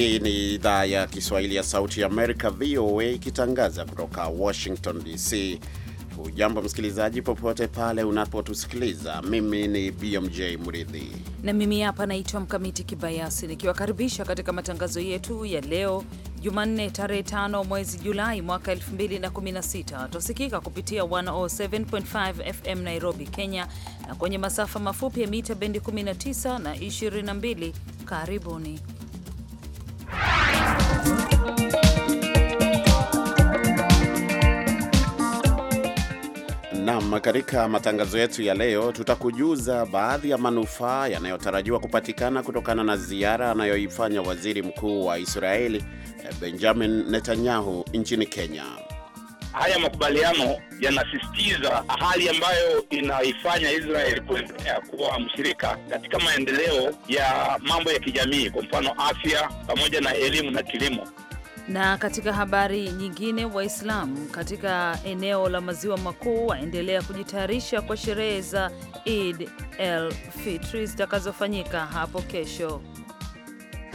Hii ni idhaa ya Kiswahili ya Sauti ya Amerika, VOA, ikitangaza kutoka Washington DC. Hujambo msikilizaji, popote pale unapotusikiliza. Mimi ni BMJ Mridhi na mimi hapa naitwa Mkamiti Kibayasi, nikiwakaribisha katika matangazo yetu ya leo Jumanne tarehe 5 mwezi Julai mwaka 2016. Tusikika kupitia 107.5 FM Nairobi, Kenya, na kwenye masafa mafupi ya mita bendi 19 na 22. Karibuni. Naam, katika matangazo yetu ya leo tutakujuza baadhi ya manufaa yanayotarajiwa kupatikana kutokana na ziara anayoifanya waziri mkuu wa Israeli Benjamin Netanyahu nchini Kenya. Haya makubaliano yanasisitiza hali ambayo inaifanya Israel kuendelea kuwa mshirika katika maendeleo ya mambo ya kijamii, kwa mfano afya pamoja na elimu na kilimo. Na katika habari nyingine, Waislamu katika eneo la maziwa makuu waendelea kujitayarisha kwa sherehe za Eid el Fitri zitakazofanyika hapo kesho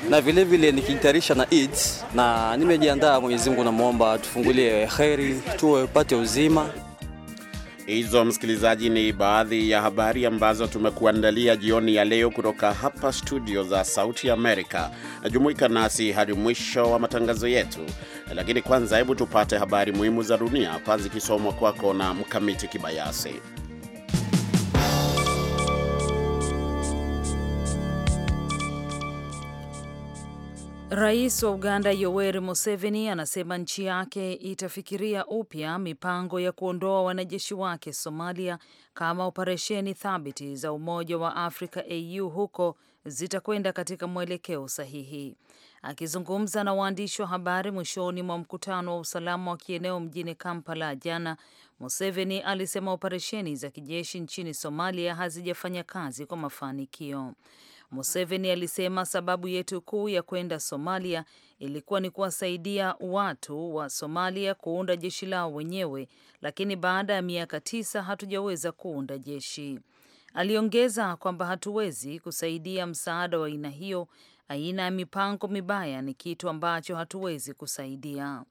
na vilevile nikijitayarisha na Eid na nimejiandaa. Mwenyezi Mungu namwomba tufungulie kheri, tuwe pate uzima Hizo msikilizaji, ni baadhi ya habari ambazo tumekuandalia jioni ya leo kutoka hapa studio za Sauti Amerika. Najumuika nasi hadi mwisho wa matangazo yetu, lakini kwanza, hebu tupate habari muhimu za dunia hapa zikisomwa kwako na Mkamiti Kibayasi. Rais wa Uganda Yoweri Museveni anasema nchi yake itafikiria upya mipango ya kuondoa wanajeshi wake Somalia kama operesheni thabiti za Umoja wa Afrika AU huko zitakwenda katika mwelekeo sahihi. Akizungumza na waandishi wa habari mwishoni mwa mkutano wa usalama wa kieneo mjini Kampala jana, Museveni alisema operesheni za kijeshi nchini Somalia hazijafanya kazi kwa mafanikio. Museveni alisema sababu yetu kuu ya kwenda Somalia ilikuwa ni kuwasaidia watu wa Somalia kuunda jeshi lao wenyewe, lakini baada ya miaka tisa hatujaweza kuunda jeshi. Aliongeza kwamba hatuwezi kusaidia msaada wa aina hiyo. Aina ya mipango mibaya ni kitu ambacho hatuwezi kusaidia.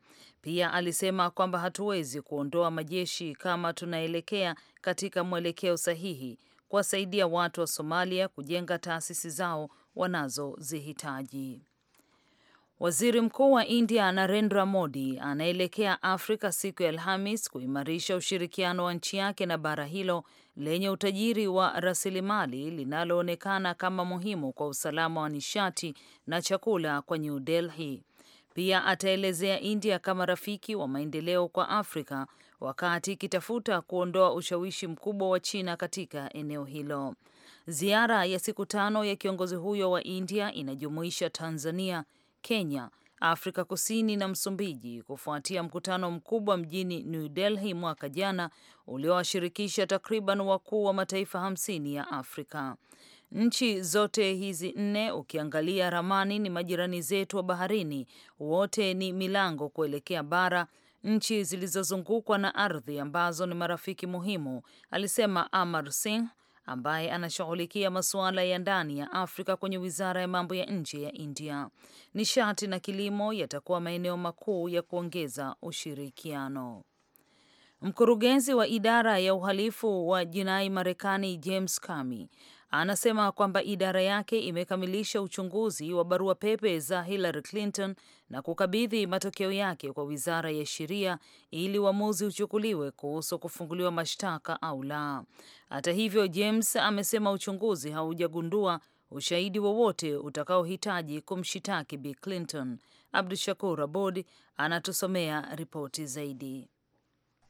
Pia alisema kwamba hatuwezi kuondoa majeshi kama tunaelekea katika mwelekeo sahihi kuwasaidia watu wa Somalia kujenga taasisi zao wanazozihitaji. Waziri Mkuu wa India Narendra Modi anaelekea Afrika siku ya Alhamis kuimarisha ushirikiano wa nchi yake na bara hilo lenye utajiri wa rasilimali linaloonekana kama muhimu kwa usalama wa nishati na chakula kwa New Delhi. Pia ataelezea India kama rafiki wa maendeleo kwa Afrika wakati ikitafuta kuondoa ushawishi mkubwa wa China katika eneo hilo. Ziara ya siku tano ya kiongozi huyo wa India inajumuisha Tanzania, Kenya, Afrika Kusini na Msumbiji kufuatia mkutano mkubwa mjini New Delhi mwaka jana uliowashirikisha takriban wakuu wa mataifa hamsini ya Afrika. Nchi zote hizi nne ukiangalia ramani ni majirani zetu wa baharini, wote ni milango kuelekea bara nchi zilizozungukwa na ardhi ambazo ni marafiki muhimu, alisema Amar Singh ambaye anashughulikia masuala ya ndani ya Afrika kwenye wizara ya mambo ya nje ya India. Nishati na kilimo yatakuwa maeneo makuu ya kuongeza ushirikiano. Mkurugenzi wa idara ya uhalifu wa jinai Marekani James Comey anasema kwamba idara yake imekamilisha uchunguzi wa barua pepe za Hillary Clinton na kukabidhi matokeo yake kwa Wizara ya Sheria ili uamuzi uchukuliwe kuhusu kufunguliwa mashtaka au la. Hata hivyo, James amesema uchunguzi haujagundua ushahidi wowote utakaohitaji kumshitaki Bi Clinton. Abdu Shakur Abod anatusomea ripoti zaidi.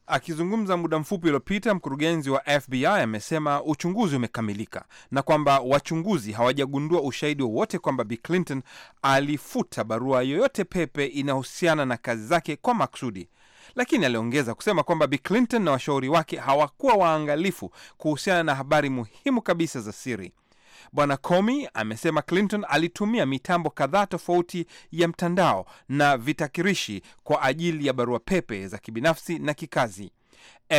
Akizungumza muda mfupi uliopita, mkurugenzi wa FBI amesema uchunguzi umekamilika na kwamba wachunguzi hawajagundua ushahidi wowote kwamba Bi Clinton alifuta barua yoyote pepe inayohusiana na kazi zake kwa maksudi Lakini aliongeza kusema kwamba Bi Clinton na washauri wake hawakuwa waangalifu kuhusiana na habari muhimu kabisa za siri. Bwana Comey amesema Clinton alitumia mitambo kadhaa tofauti ya mtandao na vitakirishi kwa ajili ya barua pepe za kibinafsi na kikazi.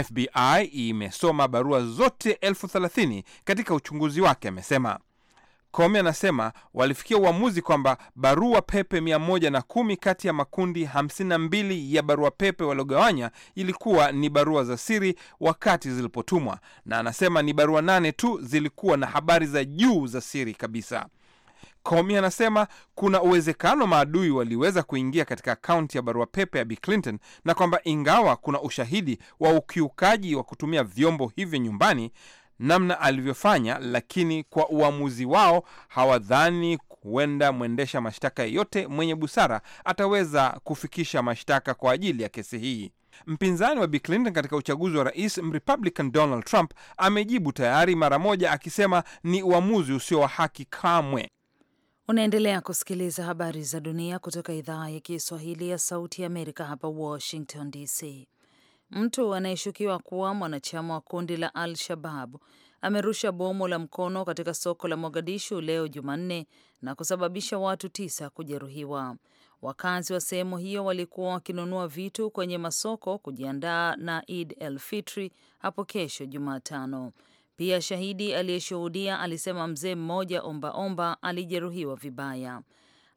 FBI imesoma barua zote elfu thelathini katika uchunguzi wake, amesema. Comey anasema walifikia uamuzi kwamba barua pepe 110 kati ya makundi 52 ya barua pepe waliogawanya ilikuwa ni barua za siri wakati zilipotumwa, na anasema ni barua nane tu zilikuwa na habari za juu za siri kabisa. Komi anasema kuna uwezekano maadui waliweza kuingia katika akaunti ya barua pepe ya Bi Clinton na kwamba ingawa kuna ushahidi wa ukiukaji wa kutumia vyombo hivyo nyumbani namna alivyofanya, lakini kwa uamuzi wao hawadhani huenda mwendesha mashtaka yeyote mwenye busara ataweza kufikisha mashtaka kwa ajili ya kesi hii. Mpinzani wa Bi Clinton katika uchaguzi wa rais Mrepublican Donald Trump amejibu tayari mara moja akisema ni uamuzi usio wa haki kamwe. Unaendelea kusikiliza habari za dunia kutoka idhaa ya Kiswahili ya Sauti ya Amerika hapa Washington DC. Mtu anayeshukiwa kuwa mwanachama wa kundi la Al Shabab amerusha bomu la mkono katika soko la Mogadishu leo Jumanne na kusababisha watu tisa kujeruhiwa. Wakazi wa sehemu hiyo walikuwa wakinunua vitu kwenye masoko kujiandaa na Id el Fitri hapo kesho Jumatano. Pia shahidi aliyeshuhudia alisema mzee mmoja ombaomba alijeruhiwa vibaya.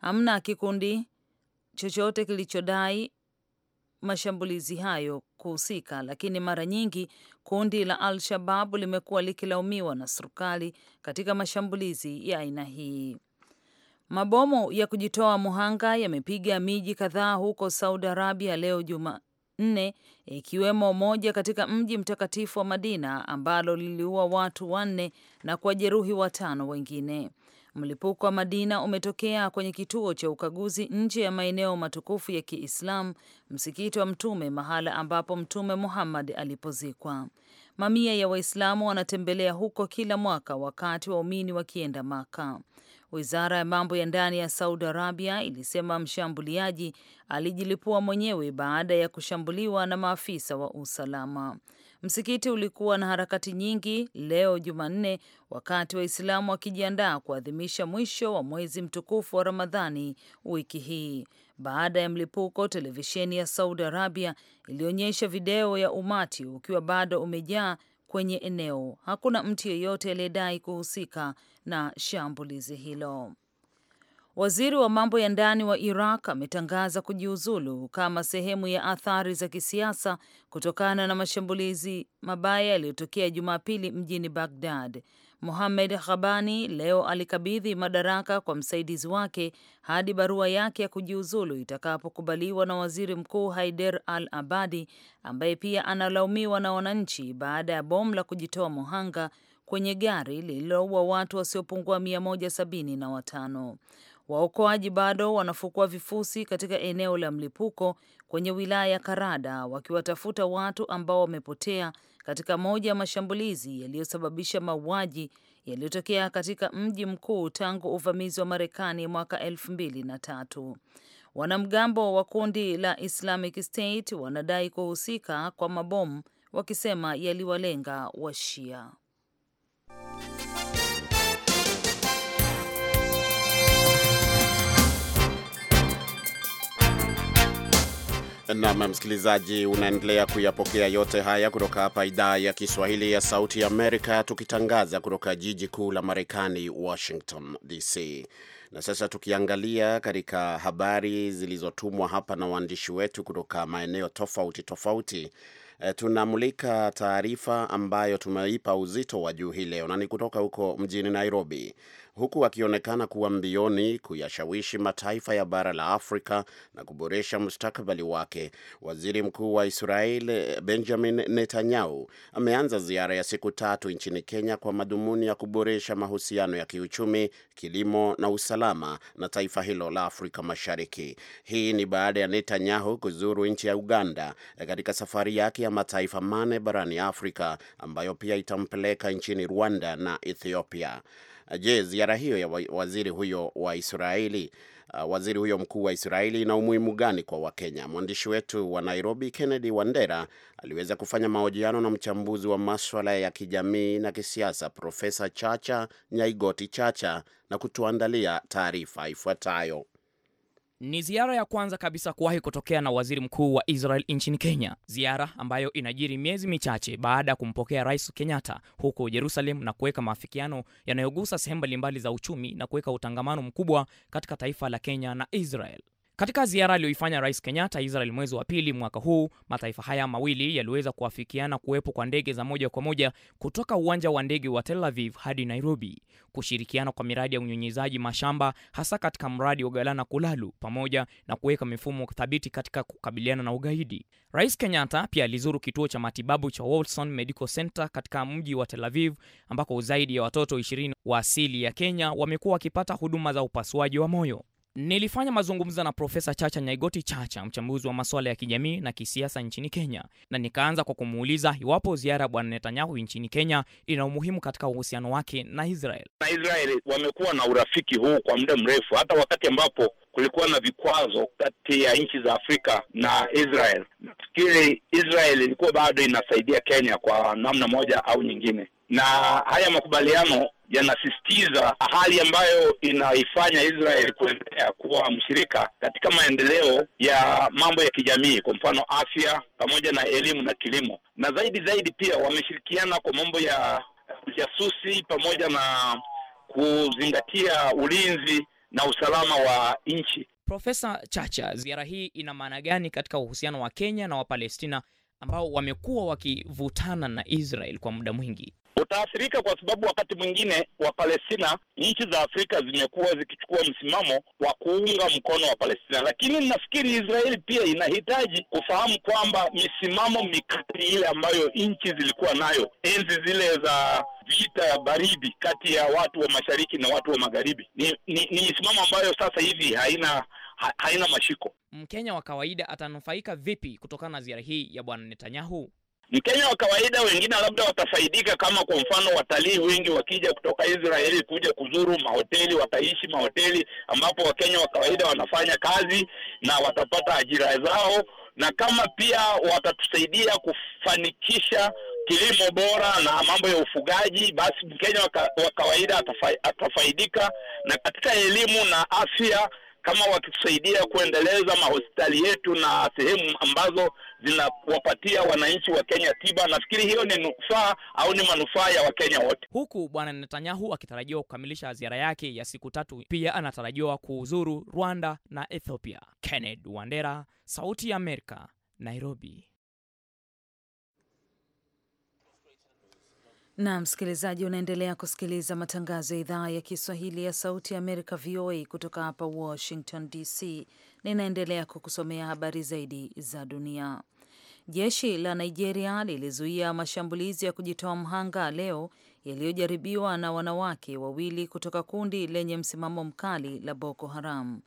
Hamna kikundi chochote kilichodai mashambulizi hayo kuhusika, lakini mara nyingi kundi la Al-Shababu limekuwa likilaumiwa na serikali katika mashambulizi ya aina hii. Mabomu ya kujitoa muhanga yamepiga miji kadhaa huko Saudi Arabia leo Jumanne, ikiwemo moja katika mji mtakatifu wa Madina ambalo liliua watu wanne na kuwajeruhi watano wengine. Mlipuko wa Madina umetokea kwenye kituo cha ukaguzi nje ya maeneo matukufu ya Kiislamu, msikiti wa Mtume, mahala ambapo Mtume Muhammad alipozikwa. Mamia ya Waislamu wanatembelea huko kila mwaka, wakati waumini wakienda Maka. Wizara ya mambo ya ndani ya Saudi Arabia ilisema mshambuliaji alijilipua mwenyewe baada ya kushambuliwa na maafisa wa usalama. Msikiti ulikuwa na harakati nyingi leo Jumanne, wakati Waislamu wakijiandaa kuadhimisha mwisho wa mwezi mtukufu wa Ramadhani wiki hii baada ya mlipuko. Televisheni ya Saudi Arabia ilionyesha video ya umati ukiwa bado umejaa kwenye eneo. Hakuna mtu yeyote aliyedai kuhusika na shambulizi hilo. Waziri wa mambo ya ndani wa Iraq ametangaza kujiuzulu kama sehemu ya athari za kisiasa kutokana na mashambulizi mabaya yaliyotokea Jumapili mjini Bagdad. Mohamed Ghabani leo alikabidhi madaraka kwa msaidizi wake hadi barua yake ya kujiuzulu itakapokubaliwa na Waziri Mkuu Haider al-Abadi ambaye pia analaumiwa na wananchi baada ya bomu la kujitoa muhanga kwenye gari lililoua watu wasiopungua mia moja sabini na watano. Waokoaji bado wanafukua vifusi katika eneo la mlipuko kwenye wilaya ya Karada wakiwatafuta watu ambao wamepotea katika moja ya mashambulizi yaliyosababisha mauaji yaliyotokea katika mji mkuu tangu uvamizi wa Marekani mwaka elfu mbili na tatu. Wanamgambo wa kundi la Islamic State wanadai kuhusika kwa mabomu wakisema yaliwalenga Washia. Nam msikilizaji, unaendelea kuyapokea yote haya kutoka hapa idhaa ya Kiswahili ya Sauti ya Amerika, tukitangaza kutoka jiji kuu la Marekani, Washington DC. Na sasa tukiangalia katika habari zilizotumwa hapa na waandishi wetu kutoka maeneo tofauti tofauti, e, tunamulika taarifa ambayo tumeipa uzito wa juu hii leo na ni kutoka huko mjini Nairobi, huku akionekana kuwa mbioni kuyashawishi mataifa ya bara la Afrika na kuboresha mustakabali wake. Waziri Mkuu wa Israel Benjamin Netanyahu ameanza ziara ya siku tatu nchini Kenya kwa madhumuni ya kuboresha mahusiano ya kiuchumi, kilimo na usalama na taifa hilo la Afrika Mashariki. Hii ni baada ya Netanyahu kuzuru nchi ya Uganda eh, katika safari yake ya mataifa mane barani Afrika ambayo pia itampeleka nchini Rwanda na Ethiopia. Ah, je, ziara hiyo ya waziri huyo wa Israeli uh, waziri huyo mkuu wa Israeli ina umuhimu gani kwa Wakenya? Mwandishi wetu wa Nairobi Kennedy Wandera aliweza kufanya mahojiano na mchambuzi wa maswala ya kijamii na kisiasa Profesa Chacha Nyaigoti Chacha na kutuandalia taarifa ifuatayo. Ni ziara ya kwanza kabisa kuwahi kutokea na waziri mkuu wa Israel nchini Kenya, ziara ambayo inajiri miezi michache baada ya kumpokea Rais Kenyatta huko Jerusalem na kuweka maafikiano yanayogusa sehemu mbalimbali za uchumi na kuweka utangamano mkubwa katika taifa la Kenya na Israel. Katika ziara aliyoifanya Rais Kenyatta Israel mwezi wa pili mwaka huu, mataifa haya mawili yaliweza kuafikiana kuwepo kwa ndege za moja kwa moja kutoka uwanja wa ndege wa Tel Aviv hadi Nairobi, kushirikiana kwa miradi ya unyunyizaji mashamba, hasa katika mradi wa Galana Kulalu, pamoja na kuweka mifumo thabiti katika kukabiliana na ugaidi. Rais Kenyatta pia alizuru kituo cha matibabu cha Wolson Medical Center katika mji wa Tel Aviv, ambako zaidi ya watoto 2 wa asili ya Kenya wamekuwa wakipata huduma za upasuaji wa moyo. Nilifanya mazungumzo na Profesa Chacha Nyaigoti Chacha, mchambuzi wa masuala ya kijamii na kisiasa nchini Kenya, na nikaanza kwa kumuuliza iwapo ziara ya Bwana Netanyahu nchini Kenya ina umuhimu katika uhusiano wake na Israel. Na Israel wamekuwa na urafiki huu kwa muda mrefu, hata wakati ambapo kulikuwa na vikwazo kati ya nchi za Afrika na Israel. Nafikiri Israel ilikuwa bado inasaidia Kenya kwa namna moja au nyingine, na haya makubaliano yanasisitiza hali ambayo inaifanya Israel kuendelea kuwa mshirika katika maendeleo ya mambo ya kijamii, kwa mfano afya, pamoja na elimu na kilimo, na zaidi zaidi pia wameshirikiana kwa mambo ya ujasusi pamoja na kuzingatia ulinzi na usalama wa nchi. Profesa Chacha, ziara hii ina maana gani katika uhusiano wa Kenya na Wapalestina ambao wamekuwa wakivutana na Israel kwa muda mwingi? utaathirika kwa sababu wakati mwingine wa Palestina, nchi za Afrika zimekuwa zikichukua msimamo wa kuunga mkono wa Palestina, lakini nafikiri Israeli pia inahitaji kufahamu kwamba misimamo mikali ile ambayo nchi zilikuwa nayo enzi zile za vita ya baridi kati ya watu wa mashariki na watu wa magharibi ni, ni, ni misimamo ambayo sasa hivi haina ha, haina mashiko. Mkenya wa kawaida atanufaika vipi kutokana na ziara hii ya Bwana Netanyahu? Mkenya wa kawaida wengine labda watafaidika, kama kwa mfano watalii wengi wakija kutoka Israeli kuja kuzuru mahoteli, wataishi mahoteli ambapo Wakenya wa kawaida wanafanya kazi na watapata ajira zao, na kama pia watatusaidia kufanikisha kilimo bora na mambo ya ufugaji, basi Mkenya wa kawaida atafaidika na katika elimu na afya kama wakitusaidia kuendeleza mahospitali yetu na sehemu ambazo zinawapatia wananchi wa Kenya tiba, nafikiri hiyo ni nufaa au ni manufaa ya Wakenya wote. Huku bwana Netanyahu akitarajiwa kukamilisha ziara yake ya siku tatu, pia anatarajiwa kuuzuru Rwanda na Ethiopia. Kenneth Wandera, Sauti ya Amerika, Nairobi. na msikilizaji, unaendelea kusikiliza matangazo ya idhaa ya Kiswahili ya Sauti ya Amerika, VOA, kutoka hapa Washington DC. Ninaendelea kukusomea habari zaidi za dunia. Jeshi la Nigeria lilizuia mashambulizi ya kujitoa mhanga leo yaliyojaribiwa na wanawake wawili kutoka kundi lenye msimamo mkali la Boko Haram.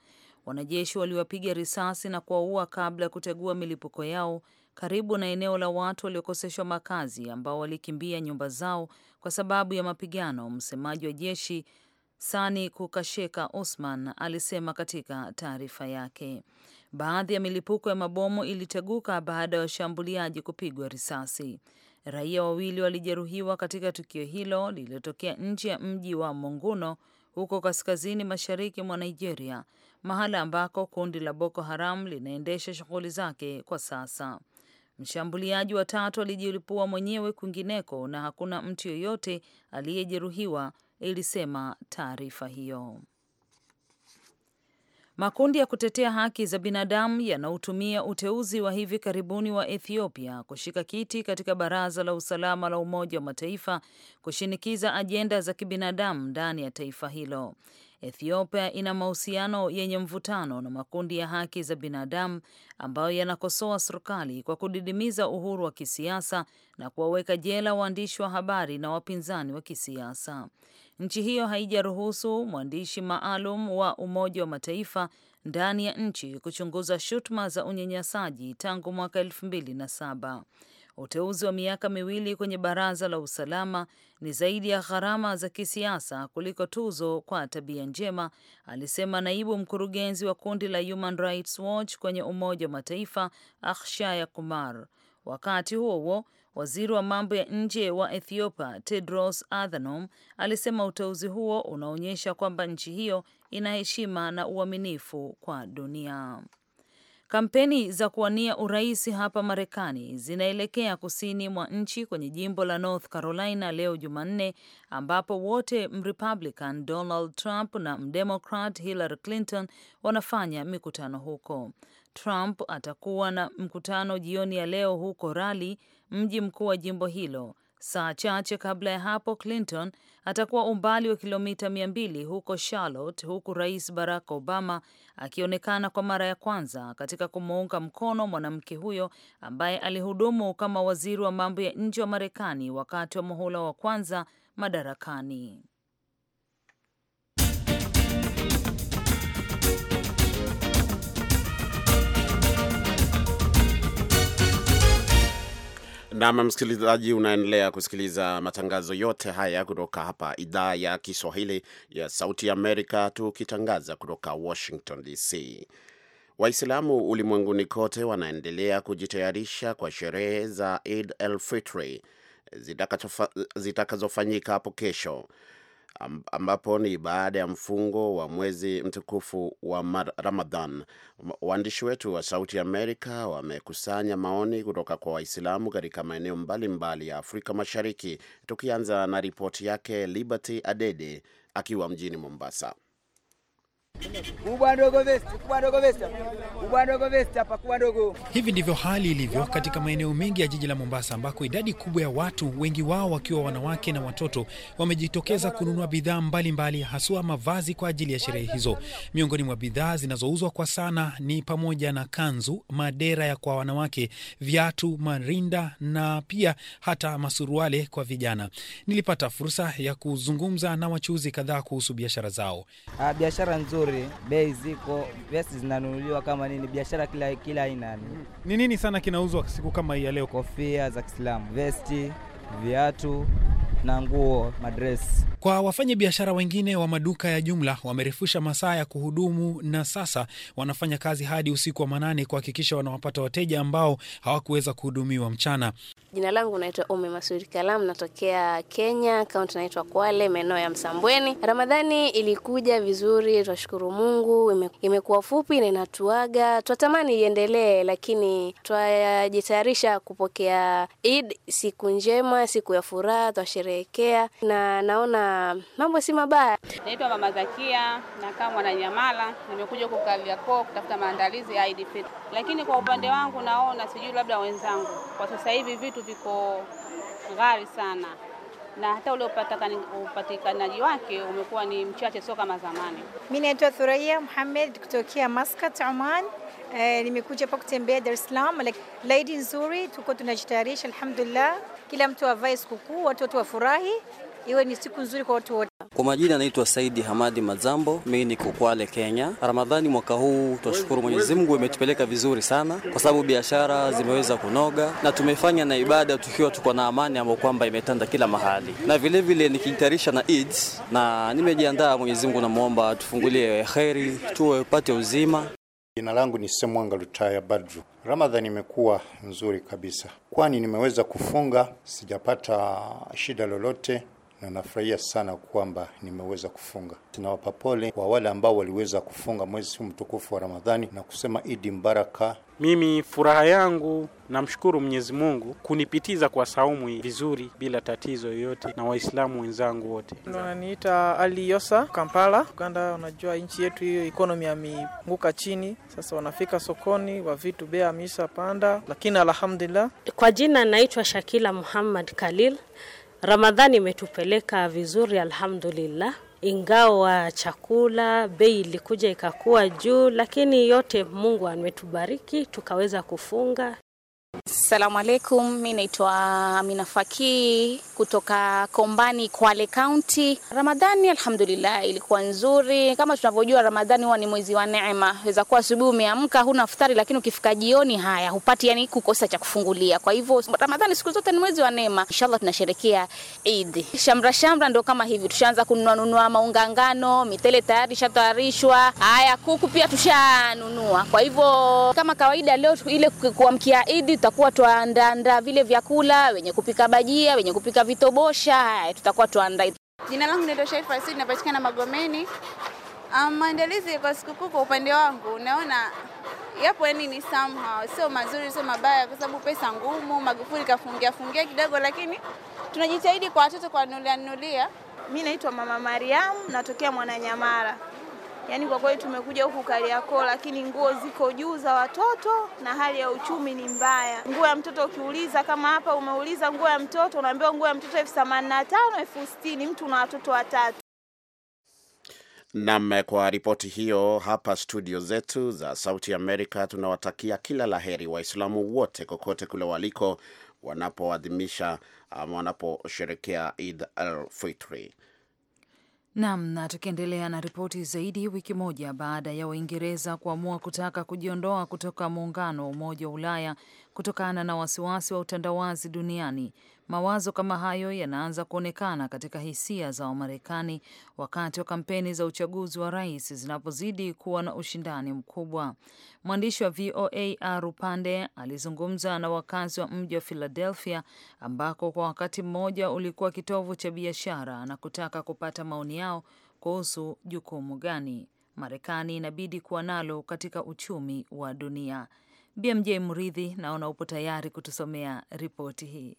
Wanajeshi waliwapiga risasi na kuwaua kabla ya kutegua milipuko yao karibu na eneo la watu waliokoseshwa makazi ambao walikimbia nyumba zao kwa sababu ya mapigano, msemaji wa jeshi Sani Kukasheka Osman alisema katika taarifa yake. Baadhi ya milipuko ya mabomu iliteguka baada ya washambuliaji kupigwa risasi. Raia wawili walijeruhiwa katika tukio hilo lililotokea nje ya mji wa Monguno huko kaskazini mashariki mwa Nigeria, mahala ambako kundi la Boko Haram linaendesha shughuli zake kwa sasa. Mshambuliaji wa tatu alijilipua mwenyewe kwingineko na hakuna mtu yoyote aliyejeruhiwa, ilisema taarifa hiyo. Makundi ya kutetea haki za binadamu yanautumia uteuzi wa hivi karibuni wa Ethiopia kushika kiti katika Baraza la Usalama la Umoja wa Mataifa kushinikiza ajenda za kibinadamu ndani ya taifa hilo. Ethiopia ina mahusiano yenye mvutano na makundi ya haki za binadamu ambayo yanakosoa serikali kwa kudidimiza uhuru wa kisiasa na kuwaweka jela waandishi wa habari na wapinzani wa kisiasa. Nchi hiyo haijaruhusu mwandishi maalum wa Umoja wa Mataifa ndani ya nchi kuchunguza shutuma za unyanyasaji tangu mwaka elfu mbili na saba. Uteuzi wa miaka miwili kwenye baraza la usalama ni zaidi ya gharama za kisiasa kuliko tuzo kwa tabia njema, alisema naibu mkurugenzi wa kundi la Human Rights Watch kwenye Umoja wa Mataifa Akshaya Kumar. Wakati huo huo, waziri wa mambo ya nje wa Ethiopia Tedros Adhanom alisema uteuzi huo unaonyesha kwamba nchi hiyo ina heshima na uaminifu kwa dunia. Kampeni za kuwania urais hapa Marekani zinaelekea kusini mwa nchi kwenye jimbo la North Carolina leo Jumanne, ambapo wote Mrepublican Donald Trump na Mdemokrat Hillary Clinton wanafanya mikutano huko. Trump atakuwa na mkutano jioni ya leo huko Raleigh, mji mkuu wa jimbo hilo. Saa chache kabla ya hapo Clinton atakuwa umbali wa kilomita mia mbili huko Charlotte, huku Rais Barack Obama akionekana kwa mara ya kwanza katika kumuunga mkono mwanamke huyo ambaye alihudumu kama waziri wa mambo ya nje wa Marekani wakati wa muhula wa kwanza madarakani. Nam msikilizaji, unaendelea kusikiliza matangazo yote haya kutoka hapa idhaa ya Kiswahili ya Sauti Amerika, tukitangaza kutoka Washington DC. Waislamu ulimwenguni kote wanaendelea kujitayarisha kwa sherehe za Eid el Fitri zitakazofanyika hapo kesho ambapo ni baada ya mfungo wa mwezi mtukufu wa Ramadhan. Waandishi wetu wa Sauti Amerika wamekusanya maoni kutoka kwa Waislamu katika maeneo mbalimbali ya Afrika Mashariki, tukianza na ripoti yake Liberty Adede akiwa mjini Mombasa kubwa ndogo vesta, kubwa ndogo vesta, kubwa ndogo vesta ndogo. Hivi ndivyo hali ilivyo katika maeneo mengi ya jiji la Mombasa, ambako idadi kubwa ya watu, wengi wao wakiwa wanawake na watoto, wamejitokeza kununua bidhaa mbalimbali, haswa mavazi kwa ajili ya sherehe hizo. Miongoni mwa bidhaa zinazouzwa kwa sana ni pamoja na kanzu, madera ya kwa wanawake, viatu, marinda na pia hata masuruale kwa vijana. Nilipata fursa ya kuzungumza na wachuuzi kadhaa kuhusu biashara zao. Ah, biashara nzuri nzuri, bei ziko, vesi zinanunuliwa kama nini, biashara kila kila aina. Ni nini sana kinauzwa siku kama hii ya leo? Kofia za Kiislamu, vesti, viatu na nguo madres. Kwa biashara wengine wa maduka ya jumla wamerefusha masaa ya kuhudumu na sasa wanafanya kazi hadi usiku wa manane kuhakikisha wanawapata wateja ambao hawakuweza kuhudumiwa mchana. Jina langu naitwa Ome Masuri Kalam, natokea Kenya, kaunti naitwa Kwale, maeneo ya Msambweni. Ramadhani ilikuja vizuri, twashukuru Mungu. Imekuwa fupi na inatuaga, twatamani iendelee, lakini twajitayarisha kupokea Eid, siku njema, siku ya furaha twasherekea kusherehekea na naona mambo si mabaya. Naitwa Mama Zakia, nakaa Mwananyamala, nimekuja huku Kariakoo kutafuta maandalizi ya Eid lakini kwa upande wangu naona, sijui labda wenzangu, kwa sasa hivi vitu viko ghali sana na hata ule upatikanaji wake umekuwa ni mchache, sio kama zamani. Mimi naitwa Thuraiya Muhammad kutokea Muscat, Oman. Eh, nimekuja hapa kutembea Dar es Salaam. Laidi nzuri, tuko tunajitayarisha alhamdulillah kila mtu avae sikukuu, watu wote wafurahi, iwe ni siku nzuri kwa watu wote. Kwa majina anaitwa Saidi Hamadi Mazambo, mimi niko Kwale, Kenya. Ramadhani mwaka huu twashukuru Mwenyezi Mungu imetupeleka vizuri sana, kwa sababu biashara zimeweza kunoga na tumefanya na ibada tukiwa tuko na amani ambayo kwamba imetanda kila mahali, na vilevile nikitayarisha na Eid na nimejiandaa. Mwenyezi Mungu namwomba tufungulie heri, tuwe pate uzima. Jina langu ni Semwanga Lutaya Badru. Ramadhani imekuwa nzuri kabisa, kwani nimeweza kufunga, sijapata shida lolote na nafurahia sana kwamba nimeweza kufunga. Tunawapa pole kwa wale ambao waliweza kufunga mwezi mtukufu wa Ramadhani na kusema Idi Mbaraka. Mimi furaha yangu namshukuru Mwenyezi Mungu kunipitiza kwa saumu vizuri bila tatizo yoyote, na Waislamu wenzangu wote. Unaniita Ali Yosa, Kampala, Uganda. Unajua nchi yetu hiyo ikonomi yameanguka chini, sasa wanafika sokoni wa vitu bei amisha panda, lakini alhamdulillah. Kwa jina naitwa Shakila Muhammad Khalil. Ramadhani imetupeleka vizuri, alhamdulillah ingawa chakula bei ilikuja ikakuwa juu, lakini yote Mungu ametubariki tukaweza kufunga. Salamu alaikum, mi naitwa Amina Fakii kutoka Kombani, Kwale Kaunti. Ramadhani alhamdulillah ilikuwa nzuri. Kama tunavyojua, Ramadhani huwa ni mwezi wa neema. Weza kuwa asubuhi umeamka huna futari, lakini ukifika jioni haya hupati, yani kukosa cha kufungulia. Kwa hivyo Ramadhani siku zote ni mwezi wa neema. Inshallah tunasherekea Eid. Shamra shamra ndo kama hivi, tushaanza kununua nunua maunga ngano, mitele tayari shatayarishwa. Haya, kuku pia tushanunua. Kwa hivyo kama kawaida, leo ile kuamkia Eid tutakuwa twaandaandaa vile vyakula, wenye kupika bajia, wenye kupika vitobosha, haya tutakuwa twaandaa. Jina langu naitwa Shaifa Said, napatikana Magomeni. Ah, maandalizi kwa sikukuu kwa upande wangu naona yapo, yani ni somehow, sio mazuri sio mabaya, kwa sababu pesa ngumu, Magufuli kafungia fungia kidogo, lakini tunajitahidi kwa watoto kwa nulia nulia. Mimi naitwa Mama Mariam, natokea Mwananyamara. Yaani kwa kweli tumekuja huku Kariakoo, lakini nguo ziko juu za watoto na hali ya uchumi ni mbaya. Nguo ya mtoto ukiuliza, kama hapa umeuliza nguo ya mtoto, unaambiwa nguo ya mtoto elfu themanini na tano elfu sitini mtu na watoto watatu. Nam, kwa ripoti hiyo hapa studio zetu za Sauti Amerika, tunawatakia kila laheri Waislamu wote kokote kule waliko wanapoadhimisha ama um, wanaposherekea Eid al-Fitri. Nam na tukiendelea na ripoti zaidi, wiki moja baada ya Uingereza kuamua kutaka kujiondoa kutoka muungano wa Umoja wa Ulaya kutokana na wasiwasi wa utandawazi duniani. Mawazo kama hayo yanaanza kuonekana katika hisia za Wamarekani wakati wa kampeni za uchaguzi wa rais zinapozidi kuwa na ushindani mkubwa. Mwandishi wa VOA Arupande alizungumza na wakazi wa mji wa Philadelphia, ambako kwa wakati mmoja ulikuwa kitovu cha biashara, na kutaka kupata maoni yao kuhusu jukumu gani Marekani inabidi kuwa nalo katika uchumi wa dunia. BMJ Mridhi, naona upo tayari kutusomea ripoti hii.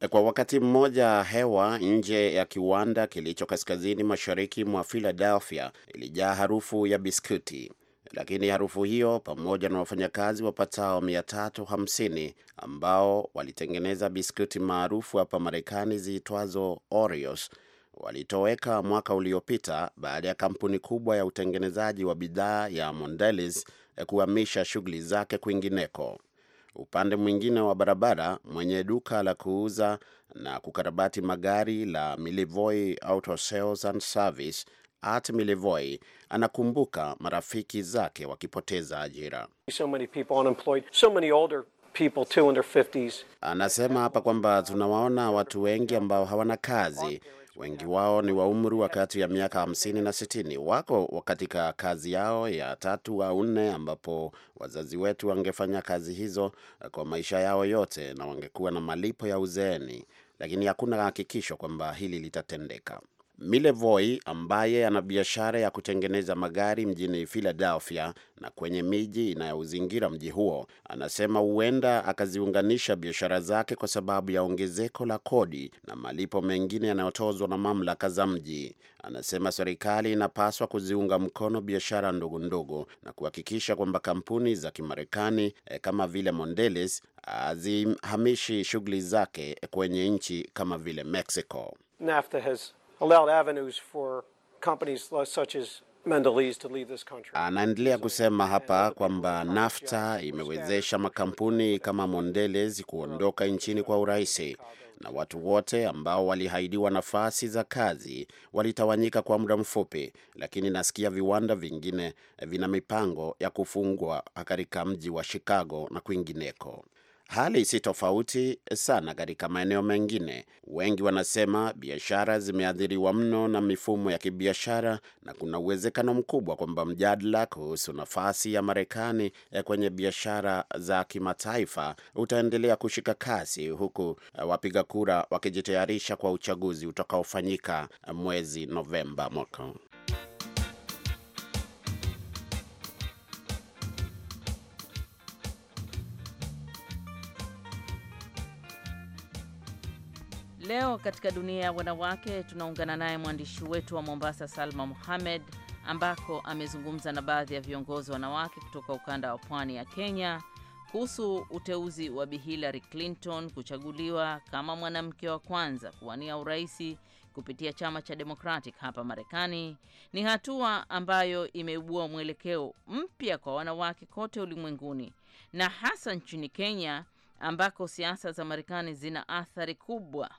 E, kwa wakati mmoja hewa nje ya kiwanda kilicho kaskazini mashariki mwa Philadelphia ilijaa harufu ya biskuti, lakini harufu hiyo pamoja na wafanyakazi wapatao 350 ambao walitengeneza biskuti maarufu hapa Marekani ziitwazo Oreos walitoweka mwaka uliopita baada ya kampuni kubwa ya utengenezaji wa bidhaa ya Mondelez kuhamisha shughuli zake kwingineko. Upande mwingine wa barabara, mwenye duka la kuuza na kukarabati magari la Milivoi Auto Sales and Service at Milivoi anakumbuka marafiki zake wakipoteza ajira. So many people unemployed, so many older people too in their 50s. Anasema hapa kwamba tunawaona watu wengi ambao hawana kazi Wengi wao ni wa umri wa kati ya miaka hamsini na sitini. Wako katika kazi yao ya tatu au nne, ambapo wazazi wetu wangefanya kazi hizo kwa maisha yao yote na wangekuwa na malipo ya uzeeni, lakini hakuna hakikisho kwamba hili litatendeka. Milevoi ambaye ana biashara ya kutengeneza magari mjini Philadelphia na kwenye miji inayozingira mji huo, anasema huenda akaziunganisha biashara zake kwa sababu ya ongezeko la kodi na malipo mengine yanayotozwa na mamlaka za mji. Anasema serikali inapaswa kuziunga mkono biashara ndogo ndogo na kuhakikisha kwamba kampuni za Kimarekani eh, kama vile Mondelez hazihamishi shughuli zake kwenye nchi kama vile Mexico. NAFTA has allowed avenues for companies such as to leave this country. Anaendelea kusema uh, hapa kwamba NAFTA imewezesha makampuni kama Mondelez kuondoka uh, nchini kwa urahisi na watu wote ambao walihaidiwa nafasi za kazi walitawanyika kwa muda mfupi, lakini nasikia viwanda vingine vina mipango ya kufungwa katika mji wa Chicago na kwingineko. Hali si tofauti sana katika maeneo mengine. Wengi wanasema biashara zimeathiriwa mno na mifumo ya kibiashara, na kuna uwezekano mkubwa kwamba mjadala kuhusu nafasi ya Marekani eh, kwenye biashara za kimataifa utaendelea kushika kasi, huku eh, wapiga kura wakijitayarisha kwa uchaguzi utakaofanyika eh, mwezi Novemba mwaka Leo katika dunia ya wanawake tunaungana naye mwandishi wetu wa Mombasa, Salma muhamed ambako amezungumza na baadhi ya viongozi wanawake kutoka ukanda wa pwani ya Kenya kuhusu uteuzi wa Bi Hillary Clinton kuchaguliwa kama mwanamke wa kwanza kuwania uraisi kupitia chama cha Democratic hapa Marekani. Ni hatua ambayo imeibua mwelekeo mpya kwa wanawake kote ulimwenguni na hasa nchini Kenya ambako siasa za Marekani zina athari kubwa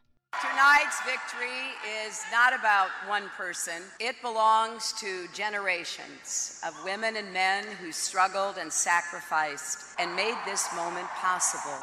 Tonight's victory is not about one person. It belongs to generations of women and men who struggled and sacrificed and made this moment possible.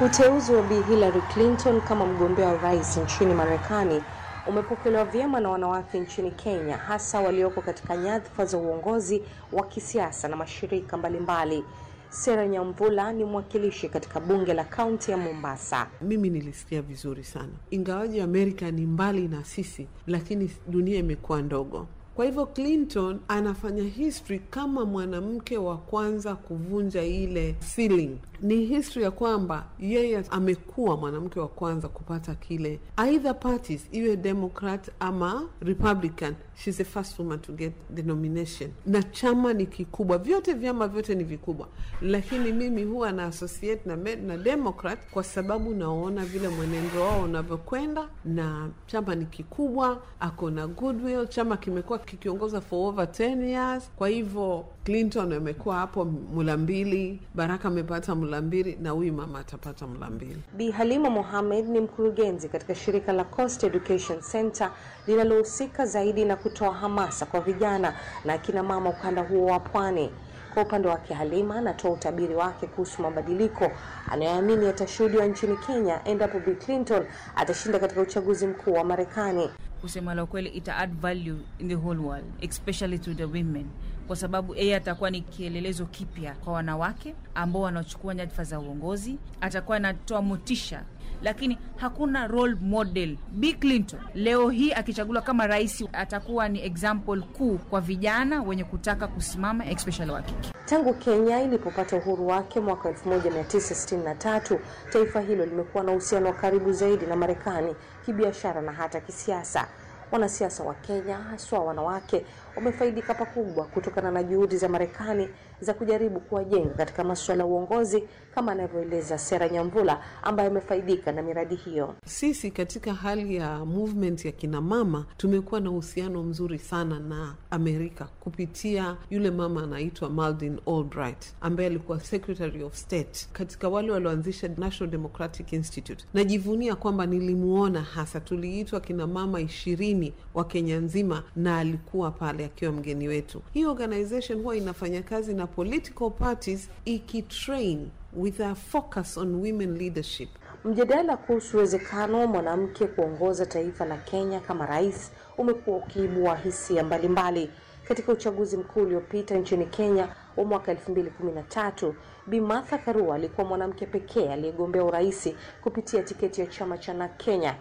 Uteuzi wa Bi Hillary Clinton kama mgombea wa rais nchini Marekani umepokelewa vyema na wanawake nchini Kenya, hasa walioko katika nyadhifa za uongozi wa kisiasa na mashirika mbalimbali mbali. Sera Nyamvula ni mwakilishi katika bunge la kaunti ya Mombasa. Mimi nilisikia vizuri sana, ingawaji Amerika ni mbali na sisi, lakini dunia imekuwa ndogo. Kwa hivyo Clinton anafanya history kama mwanamke wa kwanza kuvunja ile ceiling. Ni history ya kwamba yeye amekuwa mwanamke wa kwanza kupata kile, either parties iwe Democrat ama Republican she's the first woman to get the nomination, na chama ni kikubwa, vyote vyama vyote ni vikubwa, lakini mimi huwa na associate na, na Democrat kwa sababu naona vile mwenendo wao unavyokwenda, na chama ni kikubwa, ako na goodwill. Chama kimekuwa kikiongoza for over 10 years, kwa hivyo Clinton amekuwa hapo mula mbili, Baraka amepata mula mbili, na huyu mama atapata mula mbili. Bi Halima Mohamed ni mkurugenzi katika shirika la Coast Education Center linalohusika zaidi na kutoa hamasa kwa vijana na akina mama ukanda huo wa Pwani. Kwa upande wake Halima anatoa utabiri wake kuhusu mabadiliko anayoamini yatashuhudiwa nchini Kenya endapo Bill Clinton atashinda katika uchaguzi mkuu wa Marekani. Kusema la kweli, ita add value in the whole world especially to the women, kwa sababu yeye atakuwa ni kielelezo kipya kwa wanawake ambao wanachukua nyadhifa za uongozi. Atakuwa anatoa motisha lakini hakuna role model. Bi Clinton leo hii akichaguliwa kama rais, atakuwa ni example kuu kwa vijana wenye kutaka kusimama, especially wa kike. Tangu Kenya ilipopata uhuru wake mwaka 1963 taifa hilo limekuwa na uhusiano wa karibu zaidi na Marekani kibiashara na hata kisiasa. Wanasiasa wa Kenya haswa wanawake wamefaidika pakubwa kutokana na juhudi za Marekani za kujaribu kuwajenga katika masuala ya uongozi, kama anavyoeleza Sera Nyambula ambaye amefaidika na miradi hiyo. Sisi katika hali ya movement ya kinamama tumekuwa na uhusiano mzuri sana na Amerika kupitia yule mama anaitwa Maldin Albright ambaye alikuwa Secretary of State katika wale walioanzisha National Democratic Institute. Najivunia kwamba nilimuona hasa, tuliitwa kinamama ishirini wa Kenya nzima na alikuwa pale akiwa mgeni wetu. Hii organization huwa inafanya kazi na political parties ikitrain with a focus on women leadership. Mjadala kuhusu uwezekano mwanamke kuongoza taifa la Kenya kama rais umekuwa ukiibua hisia mbalimbali. Katika uchaguzi mkuu uliopita nchini Kenya wa mwaka elfu mbili na tatu, Bi Martha Karua alikuwa mwanamke pekee aliyegombea urais kupitia tiketi ya chama cha NARC Kenya.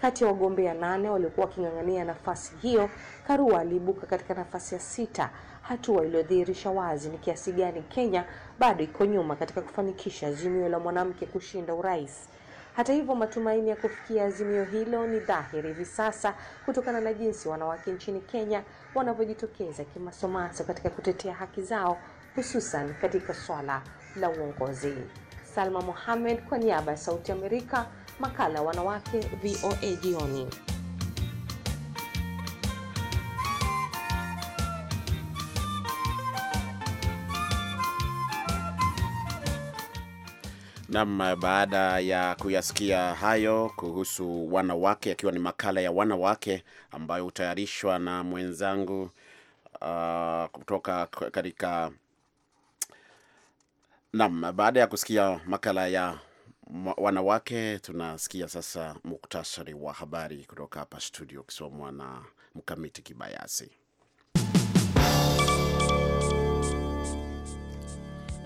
Kati ya wagombea nane waliokuwa waking'ang'ania nafasi hiyo, Karua aliibuka katika nafasi ya sita, hatua iliyodhihirisha wazi ni kiasi gani Kenya bado iko nyuma katika kufanikisha azimio la mwanamke kushinda urais. Hata hivyo, matumaini ya kufikia azimio hilo ni dhahiri hivi sasa kutokana na jinsi wanawake nchini Kenya wanavyojitokeza kimasomaso katika kutetea haki zao hususan katika swala la uongozi. Salma Mohamed kwa niaba ya Sauti Amerika makala Wanawake VOA Jioni. Nam, baada ya kuyasikia hayo kuhusu wanawake, akiwa ni makala ya wanawake ambayo hutayarishwa na mwenzangu uh, kutoka katika Nam, baada ya kusikia makala ya wanawake. Tunasikia sasa muktasari wa habari kutoka hapa studio ukisomwa na Mkamiti Kibayasi.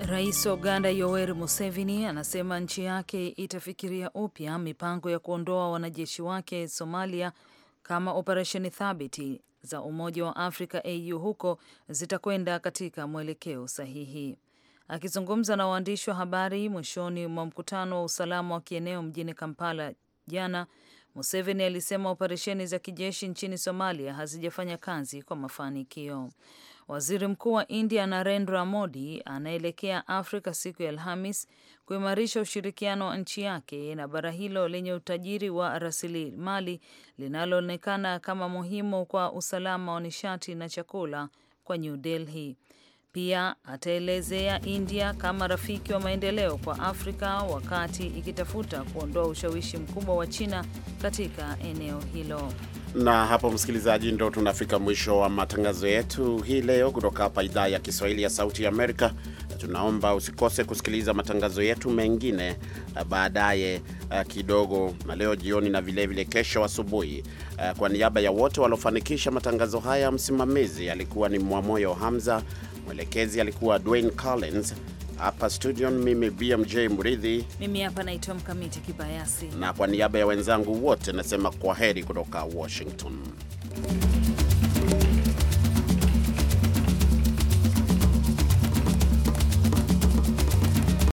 Rais wa Uganda Yoweri Museveni anasema nchi yake itafikiria upya mipango ya kuondoa wanajeshi wake Somalia kama operesheni thabiti za Umoja wa Afrika AU huko zitakwenda katika mwelekeo sahihi. Akizungumza na waandishi wa habari mwishoni mwa mkutano wa usalama wa kieneo mjini Kampala jana, Museveni alisema operesheni za kijeshi nchini Somalia hazijafanya kazi kwa mafanikio. Waziri Mkuu wa India Narendra Modi anaelekea Afrika siku ya Alhamis kuimarisha ushirikiano wa nchi yake na bara hilo lenye utajiri wa rasilimali linaloonekana kama muhimu kwa usalama wa nishati na chakula kwa New Delhi. Pia ataelezea India kama rafiki wa maendeleo kwa Afrika wakati ikitafuta kuondoa ushawishi mkubwa wa China katika eneo hilo. Na hapo, msikilizaji, ndo tunafika mwisho wa matangazo yetu hii leo kutoka hapa idhaa ya Kiswahili ya Sauti ya Amerika. Tunaomba usikose kusikiliza matangazo yetu mengine uh, baadaye uh, kidogo, na leo jioni na vilevile vile kesho asubuhi. Uh, kwa niaba ya wote waliofanikisha matangazo haya, msimamizi alikuwa ni Mwamoyo Hamza, Mwelekezi alikuwa Dwayne Collins. Hapa studio mimi BMJ Mridhi, mimi hapa naitwa Mkamiti Kibayasi, na kwa niaba ya wenzangu wote nasema kwa heri kutoka Washington.